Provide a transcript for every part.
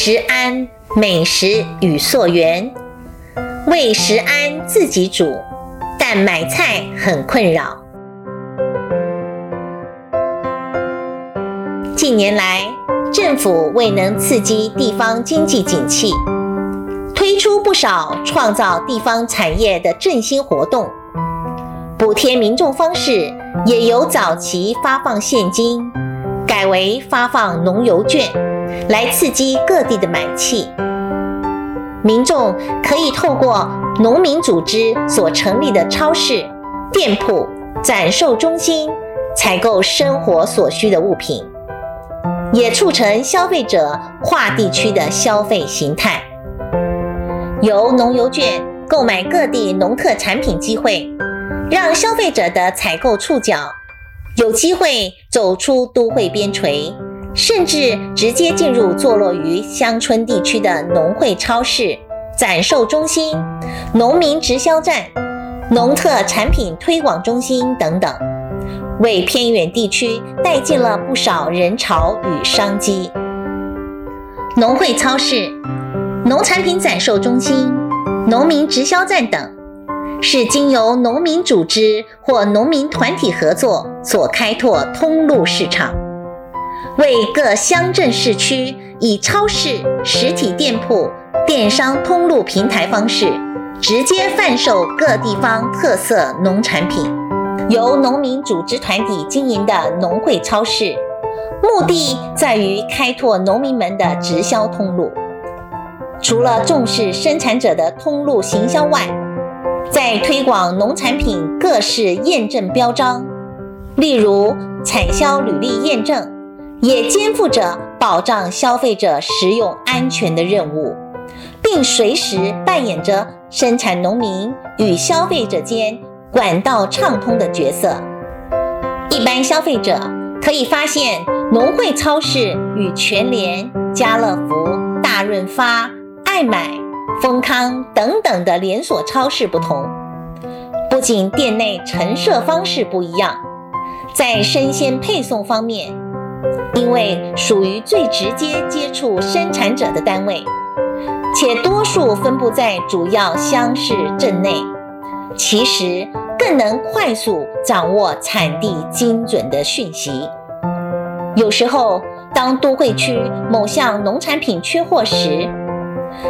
食安、美食與溯源，為食安自己煮，但買菜很困擾。近年來，政府未能刺激地方經濟景氣，推出不少創造地方產業的振興活動，補貼民眾方式也由早期發放現金，改為發放農遊券。來刺激各地的買氣，民眾可以透過農民組織所成立的超市、店鋪、展售中心採購生活所需的物品，也促成消費者跨地區的消費形態。由農友券購買各地農特產品機會，讓消費者的採購觸角有機會走出都會邊陲。甚至直接進入坐落於鄉村地區的農會超市、展售中心、農民直銷站、農特產品推廣中心等等，為偏遠地區帶進了不少人潮與商機。農會超市、農產品展售中心、農民直銷站等，是經由農民組織或農民團體合作所開拓通路市場。為各鄉鎮市區以超市、實體店鋪、電商通路平台方式，直接販售各地方特色農產品。由農民組織團體經營的農會超市，目的在於開拓農民們的直銷通路。除了重視生產者的通路行銷外，在推廣農產品各式驗證標章，例如產銷履歷驗證。也肩負着保障消費者食用安全的任務，並隨時扮演着生產農民與消費者間管道暢通的角色。一般消費者可以發現，農會超市與全聯、家樂福、大潤發、愛買、豐康等等的連鎖超市不同，不僅店內陳設方式不一樣，在生鮮配送方面。因為屬於最直接接觸生產者的單位，且多數分布在主要鄉市鎮內，其實更能快速掌握產地精準的訊息。有時候，當都會區某項農產品缺貨時，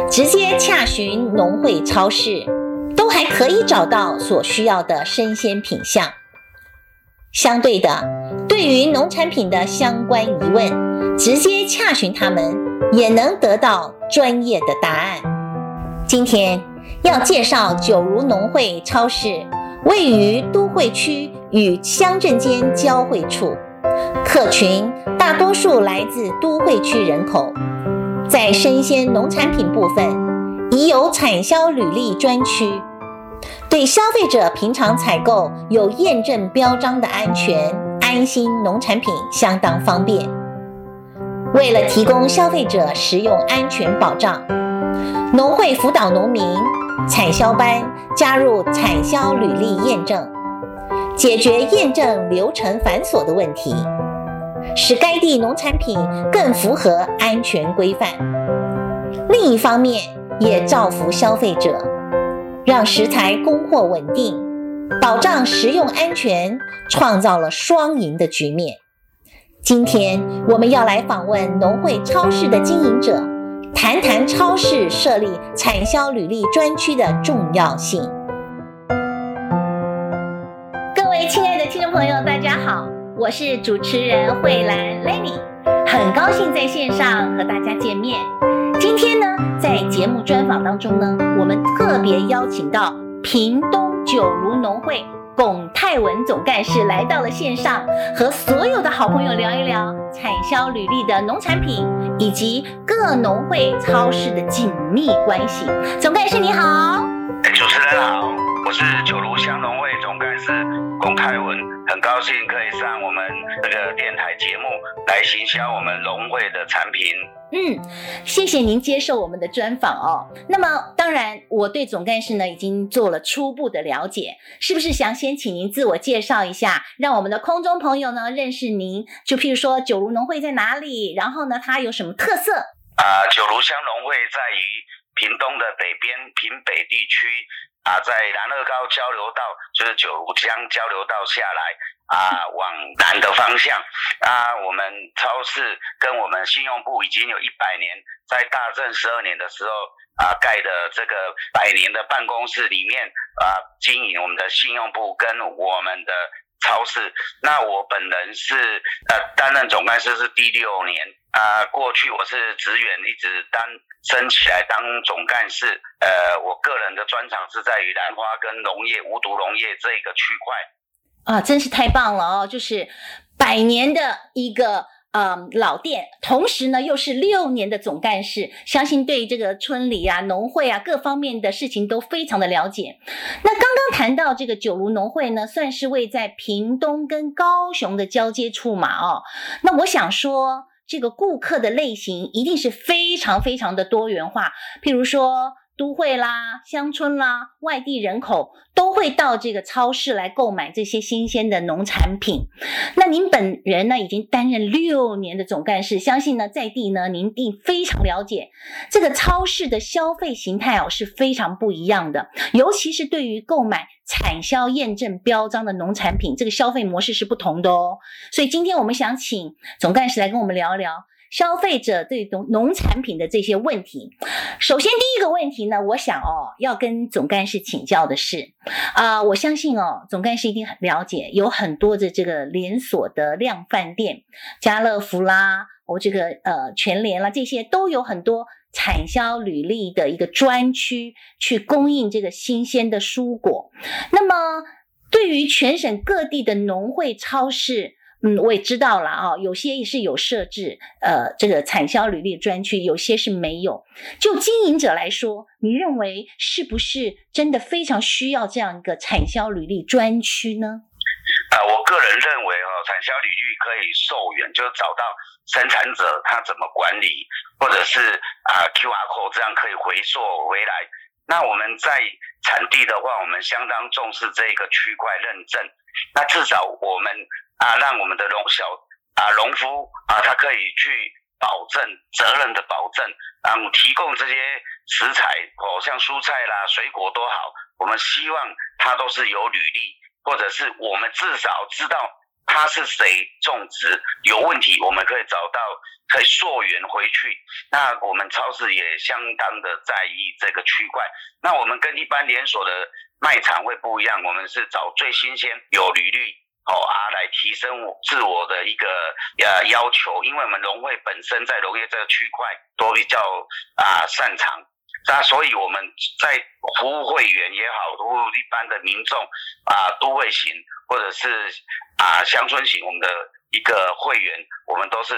直接洽詢農會超市，都還可以找到所需要的生鮮品項。相對的。對於農產品的相關疑問，直接洽詢他們也能得到專業的答案。今天要介紹九如農會超市，位於都會區與鄉鎮間交匯處，客群大多數來自都會區人口。在生鮮農產品部分，已有產銷履歷專區，對消費者平常採購有驗證標章的安全。安心農產品相當方便。為了提供消費者食用安全保障，農會輔導農民產銷班加入產銷履歷驗證，解決驗證流程繁瑣的問題，使該地農產品更符合安全規範。另一方面，也造福消費者，讓食材供貨穩定。保障食用安全，創造了雙贏的局面。今天我們要來訪問農會超市的經營者，談談超市設立產銷履歷專區的重要性。各位親愛的聽眾朋友，大家好，我是主持人惠蘭 Lenny，很高興在線上和大家見面。今天呢，在節目專訪當中呢，我們特別邀請到屏東。九如農會龔泰文總幹事來到了線上，和所有的好朋友聊一聊產銷履歷的農產品，以及各農會超市的緊密關係。總幹事你好。欸，主持人好，對我是九如鄉農會總幹事龔泰文，很高興可以上我們。電台節目來行銷我們農會的產品。嗯，謝謝您接受我們的專訪哦。那麼，當然我對總幹事呢已經做了初步的了解，是不是想先請您自我介紹一下，讓我們的空中朋友呢認識您？就譬如說九如農會在哪裡，然後呢它有什麼特色？啊，九如鄉農會在於屏東的北邊，屏北地區。啊，在南二高交流道，就是九如交流道下來，啊，往南的方向。啊，我們超市跟我們信用部已經有一百年，在大正十二年的時候，啊，蓋的這個百年的辦公室裡面，啊，經營我們的信用部跟我們的。超市，那我本人是呃擔任總幹事是第六年啊、呃，過去我是職員一直當升起來當總幹事，呃，我個人的專長是在於蘭花跟農業無毒農業這個區塊啊，真是太棒了哦，就是百年的一個。嗯，老店，同時呢又是六年的總幹事，相信對這個村裡啊、農會啊各方面的事情都非常的了解。那剛剛談到這個九如農會呢，算是位在屏東跟高雄的交接處嘛，哦，那我想說，這個顧客的類型一定是非常非常的多元化，譬如說。都會啦，鄉村啦，外地人口都會到這個超市來購買這些新鮮的農產品。那您本人呢，已經擔任六年的總幹事，相信呢，在地呢，您一定非常了解這個超市的消費形態哦，是非常不一樣的。尤其是對於購買產銷驗證標章的農產品，這個消費模式是不同的哦。所以今天我們想請總幹事來跟我們聊一聊。消費者對農農產品的這些問題，首先第一個問題呢，我想哦，要跟總幹事請教的是，啊、呃，我相信哦，總幹事一定很了解，有很多的這個連鎖的量販店、家樂福啦，哦，這個呃全聯啦，這些都有很多產銷履歷的一個專區去供應這個新鮮的蔬果。那麼，對於全省各地的農會超市。嗯，我也知道了啊，有些也是有設置，呃，這個產銷履歷專區，有些是沒有。就經營者來說，你認為是不是真的非常需要這樣一個產銷履歷專區呢？啊、呃，我個人認為哈、呃，產銷履歷可以溯源，就是找到生產者他怎麼管理，或者是啊、呃、QR code 這樣可以回溯回來。那我們在產地的話，我們相當重視這個區塊認證。那至少我們啊，讓我們的農小啊農夫啊，他可以去保證責任的保證，然後，啊，提供這些食材，哦像蔬菜啦、水果都好，我們希望他都是有履歷，或者是我們至少知道，它是誰種植，有問題，我們可以找到，可以溯源回去。那我們超市也相當的在意這個區塊。那我們跟一般連鎖的賣場會不一樣，我們是找最新鮮、有履歷哦啊來提升我自我的一個呃、啊、要求，因為我們農會本身在農業這個區塊都比較啊擅長。那所以我們在服務會員也好，服務一般的民眾啊，都會型或者是啊鄉村型我們的一個會員，我們都是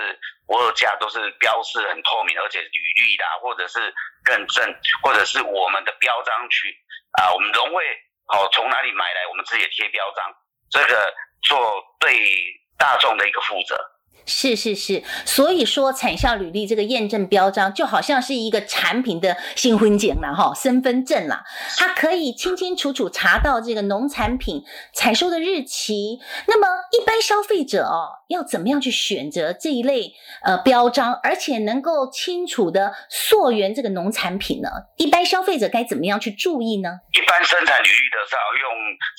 有價，都是標示很透明，而且履歷的，或者是認證，或者是我們的標章去啊，我們農會好從哪裡買來，我們自己貼標章，這個做對大眾的一個負責。是是是，所以說產銷履歷這個驗證標章就好像是一個產品的新婚證了哈，身份證啦，它可以清清楚楚查到這個農產品採收的日期。那麼一般消費者哦，要怎麼樣去選擇這一類呃標章，而且能夠清楚地溯源這個農產品呢？一般消費者該怎麼樣去注意呢？一般生產履歷的時候用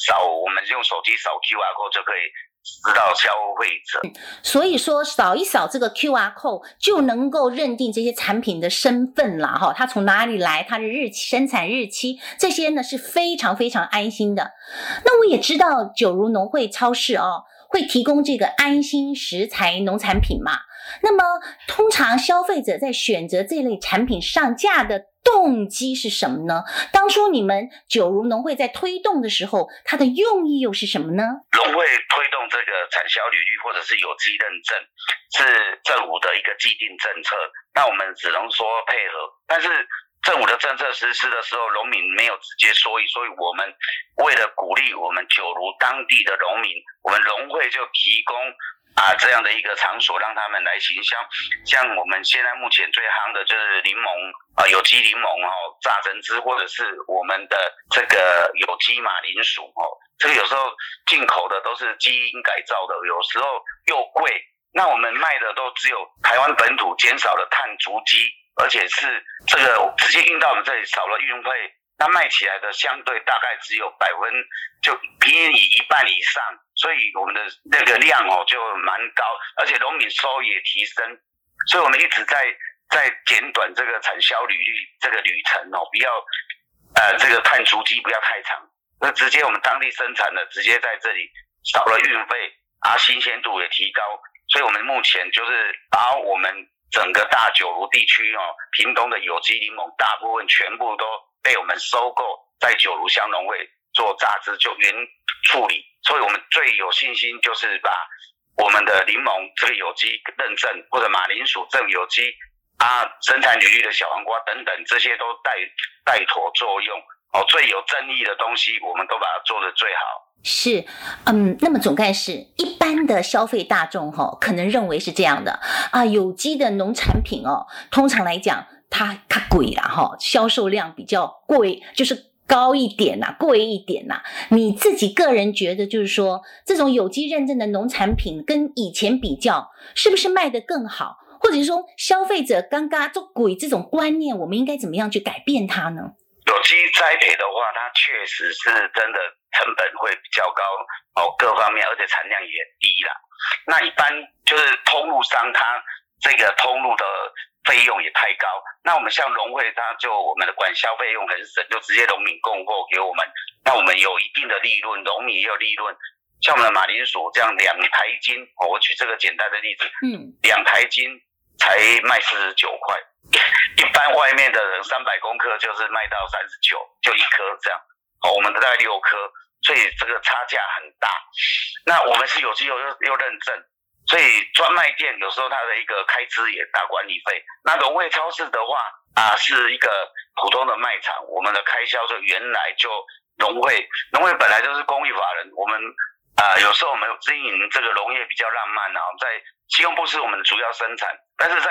掃，我們用手機掃 QR code 就可以。知道消費者，所以說掃一掃這個 QR code 就能夠認定這些產品的身份了哈、哦，它從哪裡來，它的日期，生產日期這些呢是非常非常安心的。那我也知道九如農會超市哦會提供這個安心食材農產品嘛，那麼通常消費者在選擇這類產品上架的。動機是什麼呢？當初你們九如農會在推動的時候，它的用意又是什麼呢？農會推動這個產銷履歷或者是有機認證，是政府的一個既定政策。那我們只能說配合。但是政府的政策實施的時候，農民沒有直接收益，所以我們為了鼓勵我們九如當地的農民，我們農會就提供。啊，這樣的一個場所讓他們來行銷，像我們現在目前最夯的就是檸檬，啊，有機檸檬哦，榨成汁或者是我們的這個有機馬鈴薯哦，這個有時候進口的都是基因改造的，有時候又貴，那我們賣的都只有台灣本土，減少了碳足跡，而且是這個直接運到我們這裡，少了運費。它賣起來的相對大概只有百分，就便宜一半以上，所以我們的那個量哦就蠻高，而且農民收益也提升，所以我們一直在在簡短這個產銷履歷這個旅程哦、喔，不要呃這個碳足跡不要太長，那直接我們當地生產的直接在這裡少了運費啊，新鮮度也提高，所以我們目前就是把我們整個大九如地區哦、喔，屏東的有機檸檬大部分全部都。被我們收購，在九如鄉農會做榨汁，就雲處理，所以我們最有信心就是把我們的檸檬這個有機認證，或者馬鈴薯證有機啊，生產有機的小黃瓜等等，這些都帶帶頭作用哦，最有爭議的東西，我們都把它做得最好。是，嗯，那麼總幹事一般的消費大眾哈、哦，可能認為是這樣的啊，有機的農產品哦，通常來講。它它貴啦，哈，銷售量比較貴，就是高一點吶、啊，貴一點吶、啊。你自己個人覺得，就是說這種有機認證的農產品跟以前比較，是不是賣得更好？或者是說消費者剛剛做貴這種觀念，我們應該怎麼樣去改變它呢？有機栽培的話，它確實是真的成本會比較高哦，各方面，而且產量也低啦。那一般就是通路商，它這個通路的。費用也太高，那我們像農會他就我們的管銷費用很省，就直接農民供貨給我們，那我們有一定的利潤，農民也有利潤。像我們的馬鈴薯這樣兩台斤，哦，我舉這個簡單的例子，嗯，兩台斤才賣四十九塊，一般外面的人三百公克就是賣到三十九，就一顆這樣，哦，我們大概六顆，所以這個差價很大。那我們是有去又又認證。所以專賣店有時候它的一個開支也大，管理費。那農會超市的話啊，是一個普通的賣場，我們的開銷就原來就農會農會本來就是公益法人，我們啊有時候我們經營這個農業比較浪漫啊，然後在信用部不是我們的主要生產，但是在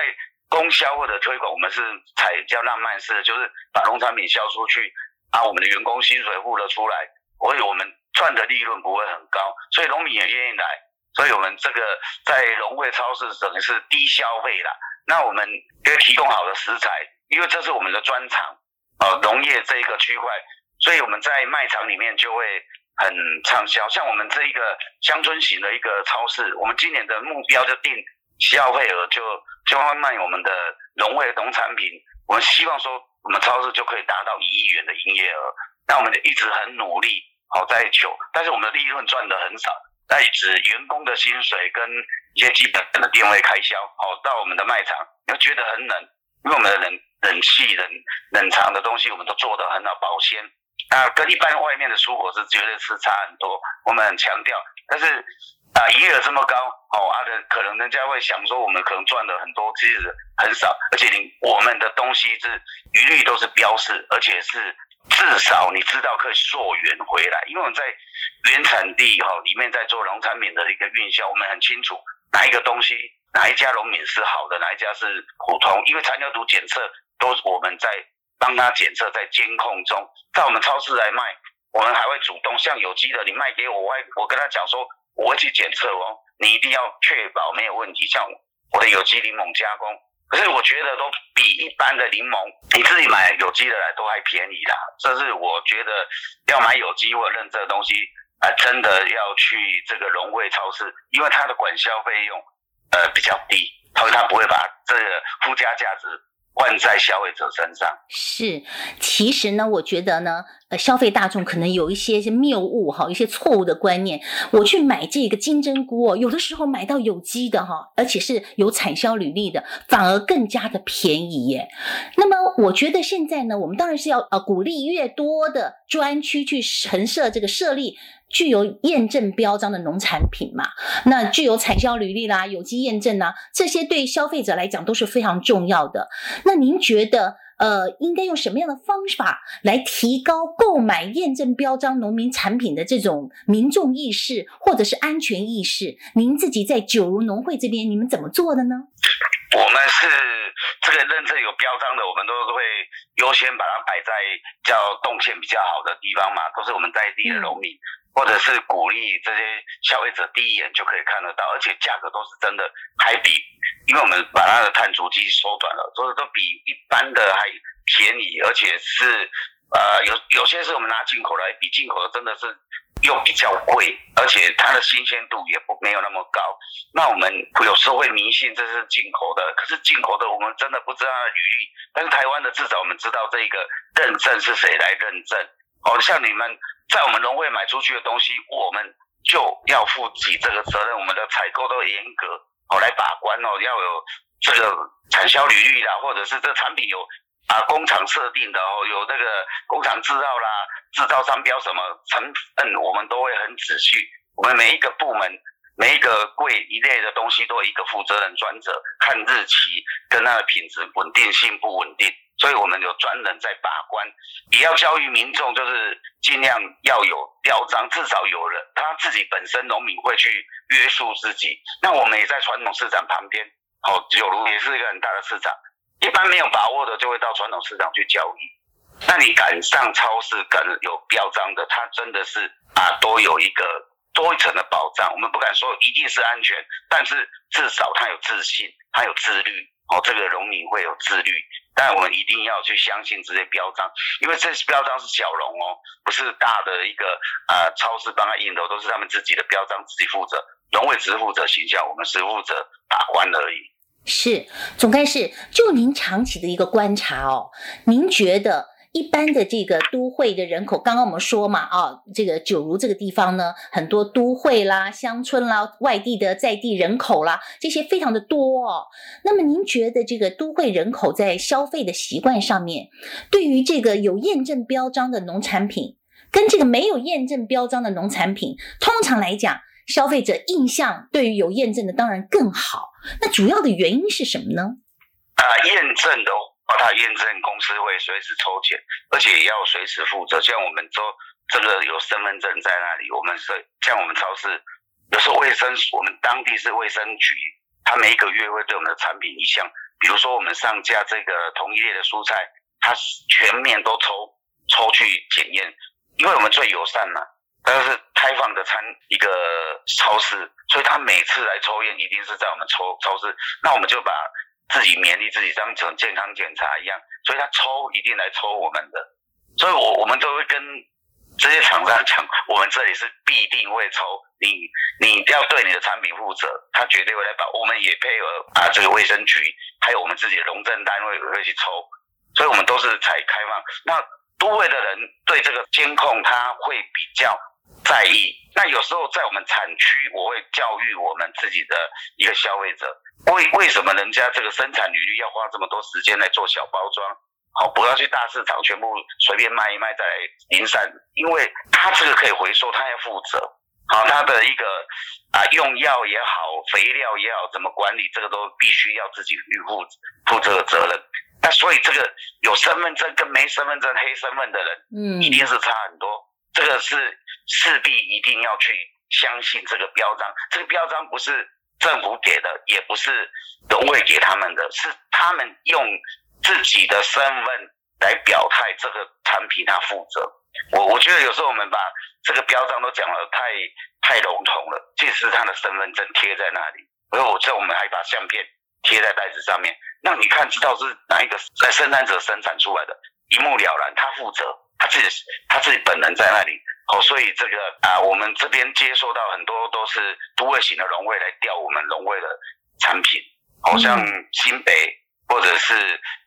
供銷或者推廣，我們是採比較浪漫式，就是把農產品銷出去，把、啊、我們的員工薪水付了出來，所以我們賺的利潤不會很高，所以農民也願意來。所以，我們這個在農會超市等於是低消費啦，那我們因為提供好的食材，因為這是我們的專長，哦，農業這一個區塊，所以我們在賣場裡面就會很暢銷。像我們這一個鄉村型的一個超市，我們今年的目標就定消費額就就慢慢賣我們的農會農產品，我們希望說我們超市就可以達到一億元的營業額。那我們就一直很努力，好、哦、在求，但是我們的利潤賺得很少。那指員工的薪水跟一些基本的店位開銷，好、哦，到我們的賣場，要覺得很冷，因為我們的冷冷氣、冷冷，冷藏的東西，我們都做得很好，保鮮啊，跟一般外面的蔬果是絕對是差很多。我們很強調，但是啊，營業額這麼高，哦，啊，的可能人家會想說，我們可能賺的很多，其實很少，而且你我們的東西是一律都是標示，而且是。至少你知道可以溯源回來，因為我們在原產地哈裡面在做農產品的一個運銷，我們很清楚哪一個東西哪一家農民是好的，哪一家是普通，因為殘留毒檢測都是我們在幫他檢測，在監控中，在我們超市來賣，我們還會主動像有機的，你賣給我，我還我跟他講說，我會去檢測哦，你一定要確保沒有問題，像我的有機檸檬加工。可是我覺得都比一般的檸檬，你自己買有機的來都還便宜啦。這是我覺得要買有機或者認證的東西，啊、呃，真的要去這個農會超市，因為它的管銷費用，呃，比較低，所以它不會把這個附加價值。換在消費者身上是，其實呢，我覺得呢，呃，消費大眾可能有一些些謬誤哈，一些錯誤的觀念。我去買這個金針菇，有的時候買到有機的哈，而且是有產銷履歷的，反而更加的便宜耶。那麼，我覺得現在呢，我們當然是要呃，鼓勵越多的專區去陳設這個設立。具有驗證標章的農產品嘛，那具有產銷履歷啦、有機驗證啦，啊，這些對消費者來講都是非常重要的。那您覺得，呃，應該用什麼樣的方法來提高購買驗證標章農民產品的這種民眾意識，或者是安全意識？您自己在九如農會這邊，你們怎麼做的呢？我們是這個認證有標章的，我們都會優先把它擺在叫動線比較好的地方嘛，都是我們在地的農民。嗯或者是鼓勵這些消費者第一眼就可以看得到，而且價格都是真的還比，因為我們把它的碳足跡縮短了，所以都比一般的還便宜，而且是，呃，有有些是我們拿進口來比進口的真的是又比較貴，而且它的新鮮度也不沒有那麼高。那我們有時候會迷信這是進口的，可是進口的我們真的不知道它的履歷，但是台灣的至少我們知道這個認證是誰來認證。哦，像你們在我們農會買出去的東西，我們就要負起這個責任。我們的採購都嚴格哦來把關哦，要有這個產銷履歷啦，或者是這產品有啊工廠設定的哦，有這個工廠制造啦、制造商標什麼成分、嗯，我們都會很仔細。我們每一個部門、每一個櫃一類的東西都有一個負責人專責，看日期跟那個品質穩定性不穩定。所以我們有專人在把關，也要教育民眾，就是儘量要有標章，至少有人他自己本身農民會去約束自己。那我們也在傳統市場旁邊，好、哦、九如也是一個很大的市場，一般沒有把握的就會到傳統市場去交易。那你敢上超市，敢有標章的，他真的是啊，都有一個多一層的保障。我們不敢說一定是安全，但是至少他有自信，他有自律。哦，這個農民會有自律，但我們一定要去相信這些標章，因為這些標章是小農哦，不是大的一個呃超市幫他印的，都是他們自己的標章，自己負責。農會只負責形象，我們只負責把關而已。是，總幹事，就您長期的一個觀察哦，您覺得？一般的這個都會的人口，剛剛我們說嘛，啊、哦，這個九如這個地方呢，很多都會啦、鄉村啦、外地的在地人口啦，這些非常的多哦。那麼您覺得這個都會人口在消費的習慣上面，對於這個有驗證標章的農產品，跟這個沒有驗證標章的農產品，通常來講，消費者印象對於有驗證的當然更好。那主要的原因是什麼呢？啊，驗證的哦。他驗證公司會隨時抽檢，而且也要隨時負責。像我們做這個有身份證在那裡，我們是像我們超市，有時候衛生，我們當地是衛生局，他每一個月會對我們的產品一項，比如說我們上架這個同一類的蔬菜，他全面都抽抽去檢驗，因為我們最友善嘛，但是開放的是一個超市，所以他每次來抽驗一定是在我們抽超市，那我們就把。自己勉勵自己，當成健康檢查一樣，所以他抽一定來抽我們的，所以我，我我們都會跟這些廠商講，我們這裡是必定會抽你，你要對你的產品負責，他絕對會來把。我們也配合啊，這個衛生局還有我們自己的認證單位也會去抽，所以我們都是採開放。那都會的人對這個監控他會比較在意。那有時候在我們產區，我會教育我們自己的一個消費者。為為什麼人家這個生產履歷要花這麼多時間來做小包裝？好，不要去大市場，全部隨便賣一賣再零散，因為他這個可以回收，他要負責。好，他的一個啊，用藥也好，肥料也好，怎麼管理，這個都必須要自己去負負責負責，責任。那所以這個有身份證跟沒身份證、黑身份的人，嗯，一定是差很多。嗯、這個是勢必一定要去相信這個標章，這個標章不是。政府給的也不是榮會給他們的，是他們用自己的身份來表態，這個產品他負責。我我覺得有時候我們把這個標章都講得太太籠統了，即使他的身份證貼在那裡，而我覺得我們還把相片貼在袋子上面，讓你看知道是哪一個在生產者生產出來的，一目了然，他負責，他自己他自己本人在那裡。哦，所以這個啊，我們這邊接收到很多都是都會型的農會來調我們農會的產品，好、哦、像新北或者是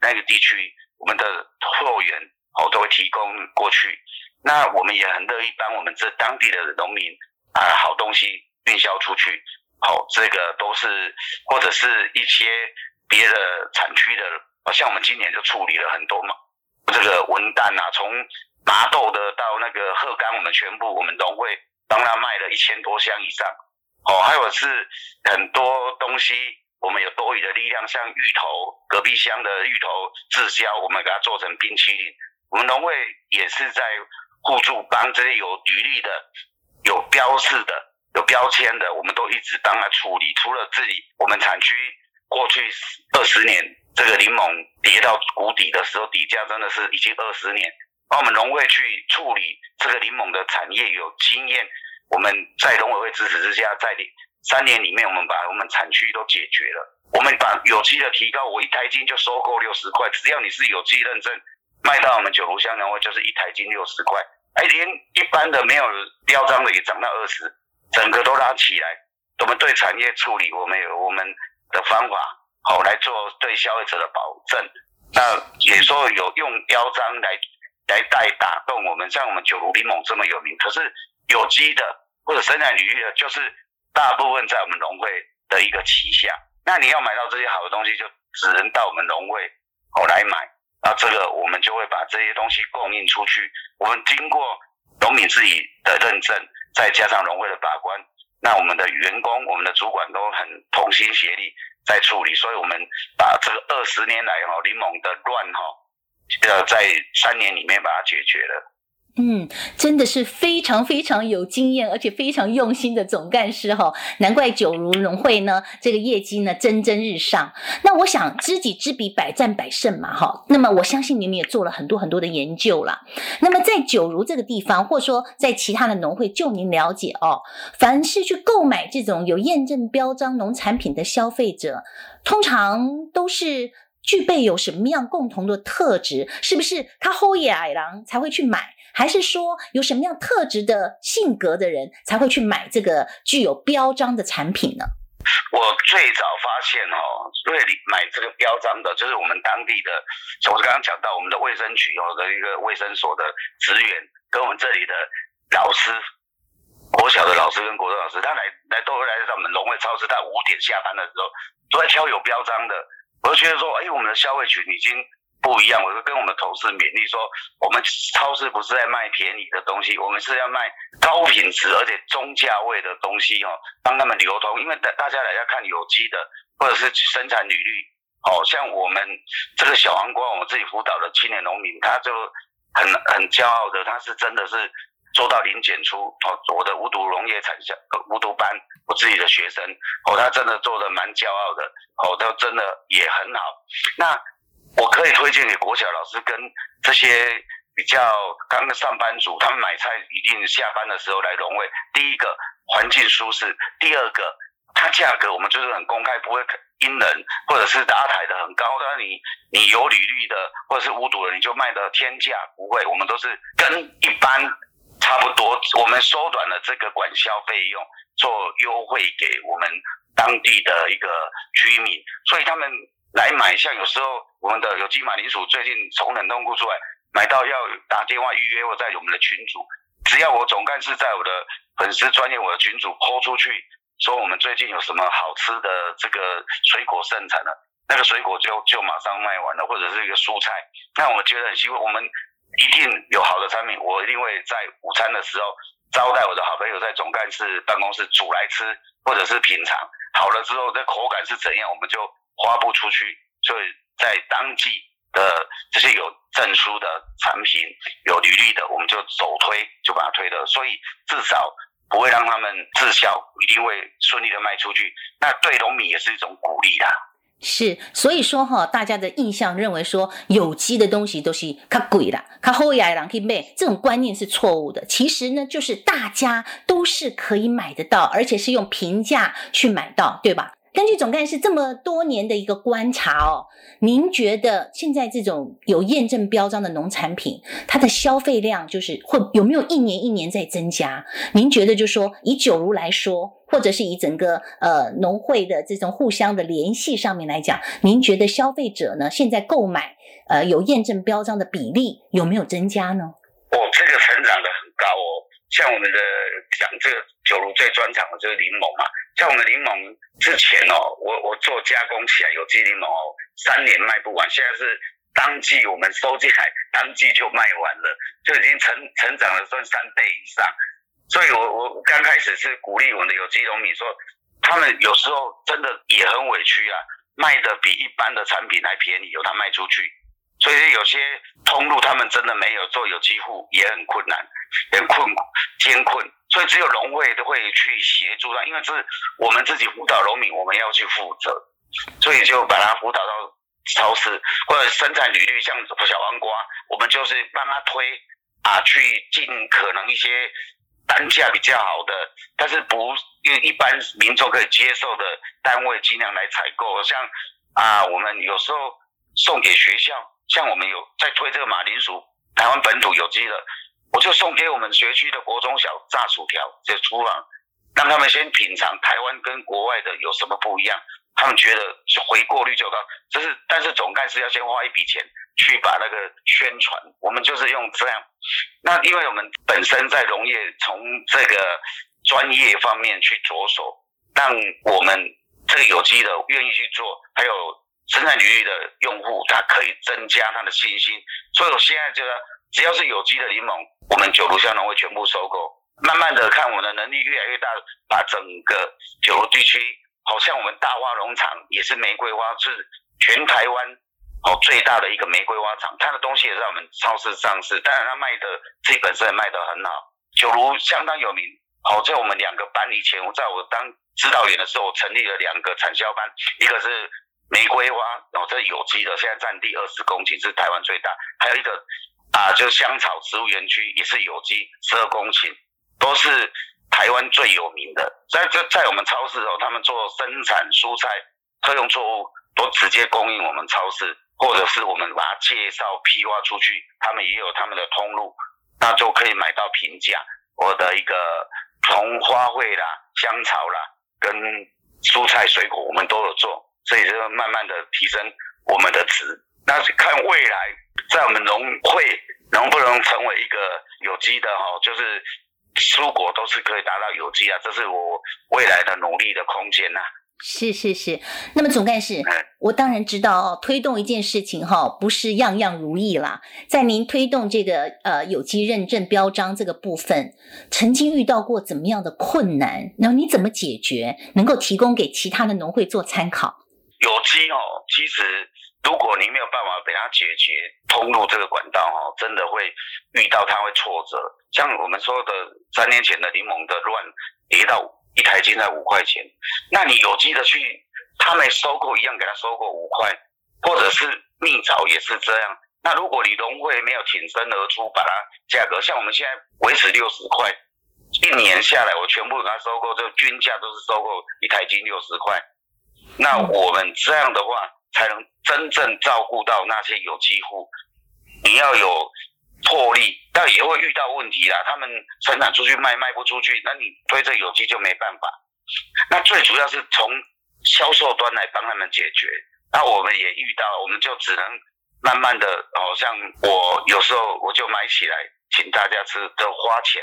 那個地區，我們的貨源好都會提供過去。那我們也很樂意幫我們這當地的農民啊，好東西運銷出去。好、哦，這個都是或者是一些別的產區的，好、哦、像我們今年就處理了很多嘛，這個文旦吶、啊，從。麻豆的到那個鶴崗，我們全部我們農會幫他賣了一千多箱以上，哦，還有是很多東西我們有多餘的力量，像芋頭隔壁鄉的芋頭滯銷，我們給它做成冰淇淋。我們農會也是在互助幫這些有餘力的、有標識的、有標籤的，我們都一直幫他處理。除了自己，我們產區過去二十年這個檸檬跌到谷底的時候，底價真的是已經二十年。幫我們農會去處理這個檸檬的產業有經驗，我們在農委會支持之下，在三年裡面，我們把我們產區都解決了。我們把有機的提高，我一台斤就收購六十塊，只要你是有機認證，賣到我們九如鄉農會就是一台斤六十塊，哎，連一般的沒有標章的也漲到二十，整個都拉起來。我們對產業處理，我們有我們的方法，好來做對消費者的保證。那也說有用標章來，來帶打動我們，像我們九如檸檬這麼有名，可是有機的或者生產領域的，就是大部分在我們農會的一個旗下。那你要買到這些好的東西，就只能到我們農會哦來買。那這個我們就會把這些東西供應出去。我們經過農民自己的認證，再加上農會的把關，那我們的員工、我們的主管都很同心協力在處理。所以，我們把這個二十年來哈檸檬的亂哈。呃，要在三年裡面把它解決了。嗯，真的是非常非常有經驗，而且非常用心的總幹事哈，難怪九如農會呢，這個業績呢蒸蒸日上。那我想知己知彼，百戰百勝嘛哈。那麼我相信你們也做了很多很多的研究了。那麼在九如這個地方，或者說在其他的農會，就您了解哦，凡是去購買這種有驗證標章農產品的消費者，通常都是。具備有什麼樣共同的特質？是不是他後野矮郎才會去買？還是說有什麼樣特質的性格的人才會去買這個具有標章的產品呢？我最早發現哦，瑞里買這個標章的，就是我們當地的，我剛剛講到我們的衛生局哦的一個衛生所的職員，跟我們這裡的老師，國小的老師跟國中老師，他來來都來到我們農會超市，他五點下班的時候都在挑有標章的。我就覺得說，哎、欸，我們的消費群，已經不一樣。我就跟我們同事勉勵說，我們超市不是在賣便宜的東西，我們是要賣高品質而且中價位的東西哦，幫他們流通。因為大大家來要看有機的，或者是生產履歷。哦，像我們這個小黃瓜，我們自己輔導的青年農民，他就很很驕傲的，他是真的是。做到零檢出哦，我的無毒農業產下無毒班，我自己的學生哦，他真的做的蠻驕傲的哦，他真的也很好。那我可以推薦給國小老師跟這些比較剛上班族，他們買菜一定下班的時候來農會。第一個環境舒適，第二個它價格我們就是很公開，不會陰人或者是打抬的很高。那你你有履歷的或者是無毒的，你就賣的天價，不會，我們都是跟一般。差不多，我們縮短了這個管銷費用，做優惠給我們當地的一個居民，所以他們來買。像有時候我們的有機馬鈴薯最近從冷凍庫出來，買到要打電話預約，或在我們的群組，只要我總幹事在我的粉絲專業、我的群組拋出去，說我們最近有什麼好吃的這個水果盛產了，那個水果就就馬上賣完了，或者是一個蔬菜，那我覺得很欣慰，我們。一定有好的產品，我一定會在午餐的時候招待我的好朋友，在總幹事辦公室煮來吃，或者是品嘗。好了之後，那口感是怎樣，我們就發佈出去，所以在當季的這些、就是、有證書的產品、有履歷的，我們就首推，就把它推了。所以至少不會讓他們滯銷，一定會順利的賣出去。那對農民也是一種鼓勵的。是，所以說哈、哦，大家的印象認為說有機的東西都是較貴的，較後裔的人可以買，這種觀念是錯誤的。其實呢，就是大家都是可以買得到，而且是用平價去買到，對吧？根據總幹事這麼多年的一個觀察哦，您覺得現在這種有驗證標章的農產品，它的消費量就是會有沒有一年一年在增加？您覺得就是說以九如來說？或者是以整個呃農會的這種互相的聯繫上面來講，您覺得消費者呢，現在購買呃有驗證標章的比例有沒有增加呢？哦，這個成長得很高哦，像我們的講這個九如最專長的就是檸檬嘛，像我們檸檬之前哦，我我做加工起來有機檸檬哦，三年賣不完，現在是當季我們收進來當季就賣完了，就已經成成長了算三倍以上。所以我，我我剛開始是鼓勵我們的有機農民說，他們有時候真的也很委屈啊，賣得比一般的產品還便宜，由他賣出去。所以有些通路他們真的沒有做有機戶，也很困難，很困，艱困。所以只有農會都會去協助他，因為是我們自己輔導農民，我們要去負責，所以就把他輔導到超市或者生產履歷像小黃瓜，啊，我們就是幫他推啊，去盡可能一些。單價比較好的，但是不因為一般民眾可以接受的單位，盡量來採購。像啊、呃，我們有時候送給學校，像我們有在推這個馬鈴薯，台灣本土有機的，我就送給我們學區的國中小炸薯條，就廚房讓他們先品嘗台灣跟國外的有什麼不一樣，他們覺得回購率就高。就是，但是總幹事要先花一筆錢。去把那個宣傳，我們就是用這樣。那因為我們本身在農業，從這個專業方面去着手，讓我們這個有機的願意去做，還有生產履歷的用戶，他可以增加他的信心。所以，我現在覺得，只要是有機的檸檬，我們九如鄉農會全部收購。慢慢的看，我們的能力越來越大，把整個九如地區，好像我們大花農場也是玫瑰花，是全台灣。哦，最大的一個玫瑰花廠，它的東西也在我們超市上市。當然，它賣的自己本身也賣得很好，九如相當有名。哦，在我們兩個班以前，我在我當指導員的時候，成立了兩個產銷班，一個是玫瑰花，哦，這是有機的，現在佔地二十公頃，是台灣最大。還有一個啊，就是香草植物園區，也是有機，十二公頃，都是台灣最有名的。在在在我們超市哦，他們做生產蔬菜特用作物，都直接供應我們超市。或者是我們把介紹批發出去，他們也有他們的通路，那就可以買到平價。我的一個從花卉啦、香草啦，跟蔬菜水果我們都有做，所以就慢慢的提升我們的值。那看未來在我們農會能不能成為一個有機的哈、哦，就是蔬果都是可以達到有機啊，這是我未來的努力的空間吶、啊。是是是，那麼總幹事，我當然知道哦。推動一件事情哈，不是樣樣如意啦。在您推動這個呃有機認證標章這個部分，曾經遇到過怎麼樣的困難？然後你怎麼解決？能夠提供給其他的農會做參考？有機哦，其實如果你沒有辦法給它解決通路這個管道哈、哦，真的會遇到它會挫折。像我們說的三年前的檸檬的亂跌到。一台斤在五塊錢，那你有機的去，他們收購一樣給他收購五塊，或者是蜜棗也是這樣。那如果你農會沒有挺身而出，把它價格像我們現在維持六十塊，一年下來我全部給他收購，就均價都是收購一台斤六十塊。那我們這樣的話，才能真正照顧到那些有機戶。你要有。破例，但也會遇到問題啦。他們生產出去賣，賣不出去，那你推這有機就沒辦法。那最主要是從銷售端來幫他們解決。那我們也遇到，我們就只能慢慢的，好、哦、像我有時候我就買起來，請大家吃，都花錢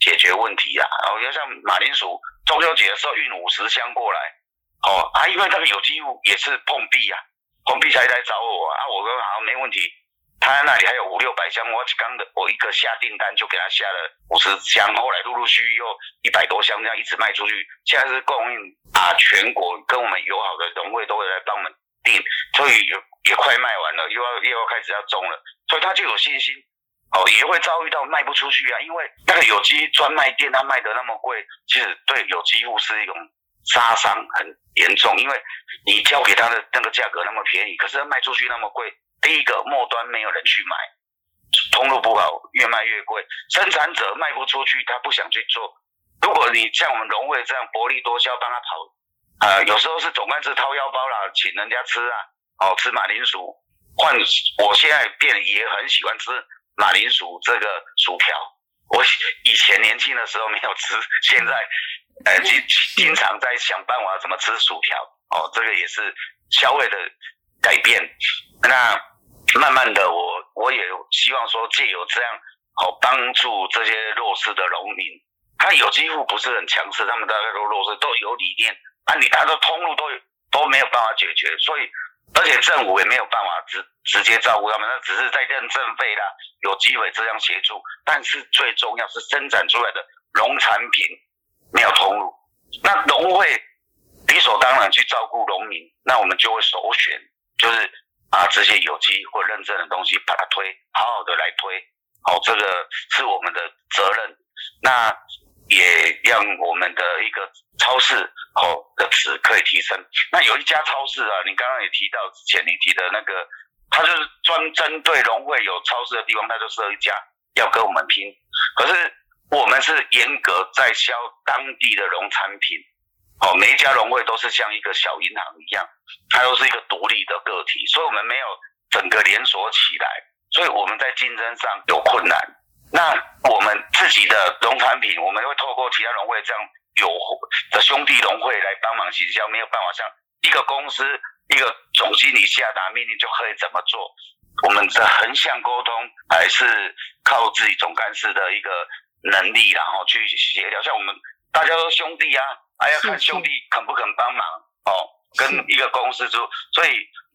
解決問題呀、啊。好、哦、後像馬鈴薯，中秋節的時候運五十箱過來，哦，啊，因為那個有機物也是碰壁呀、啊，碰壁才來找我啊，啊我說好沒問題。他那裡還有五六百箱，我剛的，我一個下訂單就給他下了五十箱，後來陸陸續續又一百多箱，這樣一直賣出去。現在是供應啊，全國跟我們友好的農會都會來幫我們訂，所以也也快賣完了，又要又要開始要種了，所以他就有信心。哦，也會遭遇到賣不出去啊，因為那個有機專賣店他賣得那麼貴，其實對有機戶是一種殺傷很嚴重，因為你交給他的那個價格那麼便宜，可是他賣出去那麼貴。第一個，末端沒有人去買，通路不好，越賣越貴，生產者賣不出去，他不想去做。如果你像我們農會這樣薄利多銷，幫他跑，啊、呃，有時候是總幹事掏腰包啦，請人家吃啊，哦，吃馬鈴薯換。我現在變也很喜歡吃馬鈴薯這個薯條，我以前年輕的時候沒有吃，現在，哎、呃，經經常在想辦法怎麼吃薯條。哦，這個也是消費的改變，那。慢慢的我，我我也希望說借由這樣好、喔、幫助這些弱勢的農民。他有機戶不是很強勢，他們大概都弱勢，都有理念，那、啊、你他說通路都都沒有辦法解決，所以而且政府也沒有辦法直直接照顧他們，那只是在認證費啦，有機會這樣協助。但是最重要是生產出來的農產品沒有通路，那農會理所當然去照顧農民，那我們就會首選就是。啊，這些有機或認證的東西，把它推好好的來推，好、哦，這個是我們的責任，那也讓我們的一個超市，好、哦，的值可以提升。那有一家超市啊，你剛剛也提到，之前你提的那個，他就是專針對農會有超市的地方，他就設一家要跟我們拼，可是我們是嚴格在銷當地的農產品。哦，每一家農會都是像一個小銀行一樣，它都是一個獨立的個體，所以我們沒有整個連鎖起來，所以我們在競爭上有困難。那我們自己的農產品，我們會透過其他農會這樣有的兄弟農會來幫忙行銷，沒有辦法像一個公司，一個總經理下達、啊、命令就可以怎麼做。我們的橫向溝通還是靠自己總幹事的一個能力，然、哦、後去協調。像我們大家都兄弟啊。還要看兄弟肯不肯幫忙。是是，哦，跟一個公司住，所以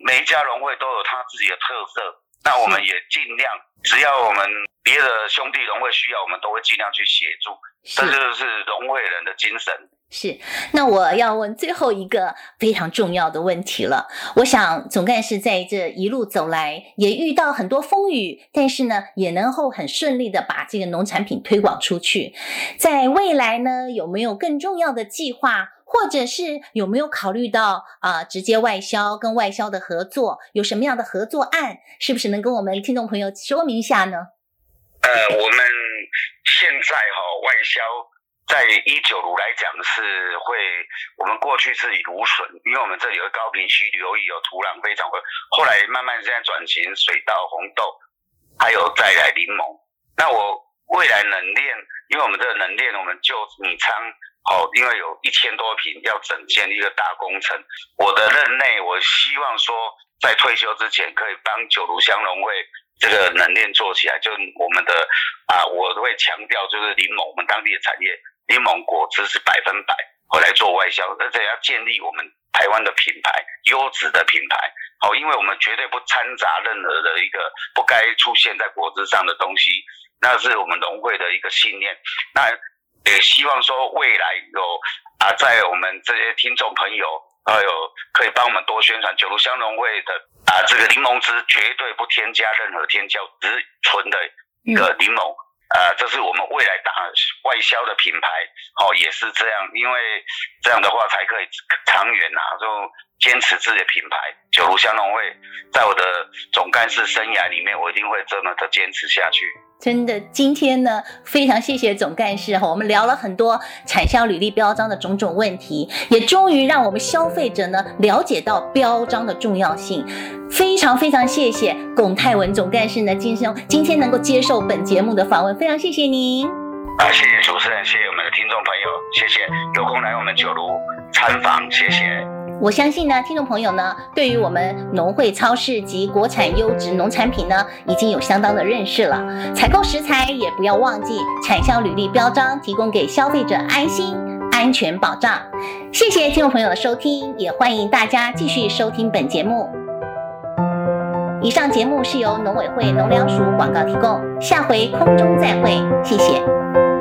每一家農會都有他自己的特色。那我們也盡量，只要我們別的兄弟農會需要，我們都會盡量去協助，這就是農會人的精神。是，那我要問最後一個非常重要的問題了。我想總幹事在這一路走來也遇到很多風雨，但是呢，也能夠很順利的把這個農產品推廣出去。在未來呢，有沒有更重要的計劃，或者是有沒有考慮到啊，呃，直接外銷跟外銷的合作，有什麼樣的合作案？是不是能跟我們聽眾朋友說明一下呢？呃，我們現在哈，外銷。在一九如來講是會，我們過去是以蘆筍，因為我們這裡有高屏溪、哦，流域，有土壤非常沃，後來慢慢現在轉型水稻、紅豆，還有再來檸檬。那我未來冷鏈，因為我們這個冷鏈，我們就米倉，哦，因為有一千多坪要整建一個大工程。我的任內，我希望說在退休之前，可以幫九如鄉農會這個冷鏈做起來，就我們的啊，我會強調就是檸檬，我們當地的產業。檸檬果汁是百分百回來做外銷，而且要建立我們台灣的品牌，優質的品牌。好，因為我們絕對不摻雜任何的一個不該出現在果汁上的東西，那是我們農會的一個信念。那也希望說未來有啊，在我們這些聽眾朋友啊，有可以幫我們多宣傳九如鄉農會的啊這個檸檬汁，絕對不添加任何添加，只純的一個檸檬。嗯呃，這是我們未來打外銷的品牌，哦，也是這樣，因為這樣的話才可以長遠啊，就堅持自己的品牌，九如鄉農會，在我的總幹事生涯裡面，我一定會這麼的堅持下去。真的，今天呢，非常謝謝總幹事，我們聊了很多產銷履歷標章的種種問題，也終於讓我們消費者呢了解到標章的重要性。非常非常謝謝龔泰文總幹事呢，今生今天能夠接受本節目的訪問，非常謝謝您。啊，謝謝主持人，謝謝我們的聽眾朋友，謝謝有空來我們九如參訪，謝謝。我相信呢，聽眾朋友呢，對於我們農會超市及國產優質農產品呢，已經有相當的認識了。採購食材也不要忘記產銷履歷標章，提供給消費者安心安全保障。謝謝聽眾朋友的收聽，也歡迎大家繼續收聽本節目。以上節目是由農委會農糧署廣告提供，下回空中再會，謝謝。